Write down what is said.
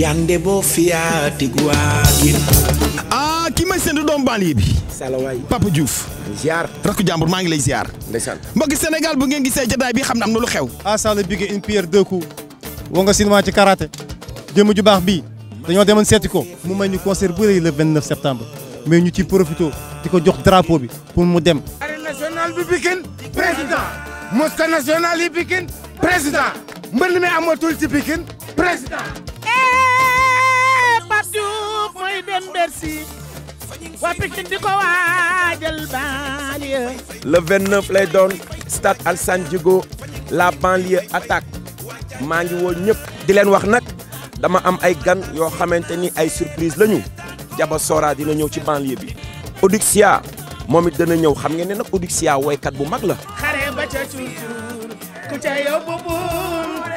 yande boo fiyaati waagin ah ki may seentu doom banlieue bi salawaay Papa Diouf ziar rakku jàmbur maa ngi lay ziar ndeysaan mbokki Sénégal bu ngeen gisee jotaay bi xam ne am na lu xew ah sala bigé une pierre deux coups woo nga sinwaa ci karaté jëmm ju baax bii dañoo demoon seeti ko mu may ñu concert bu rëy le 29 septembre mais ñu ci profito di ko jox drapeau bi pour mu dem arène nationale bi Pikine président mosquée nationale yi Pikine président mbënd mi amatul ci Pikine Bercy waa Pikine di ko waajal banlieue lay doon stade Alassane Djigo la banlieue attaque maa ngi woon ñëpp di leen wax nag dama am ay gan yoo xamante ni ay surprise la ñu Jaba Sora dina ñëw ci banlieue bi Oduxia moom it dana ñëw xam ngeen ne nag Oduxia woykat bu mag la xare ba ca cuur ku ca yóbbu buur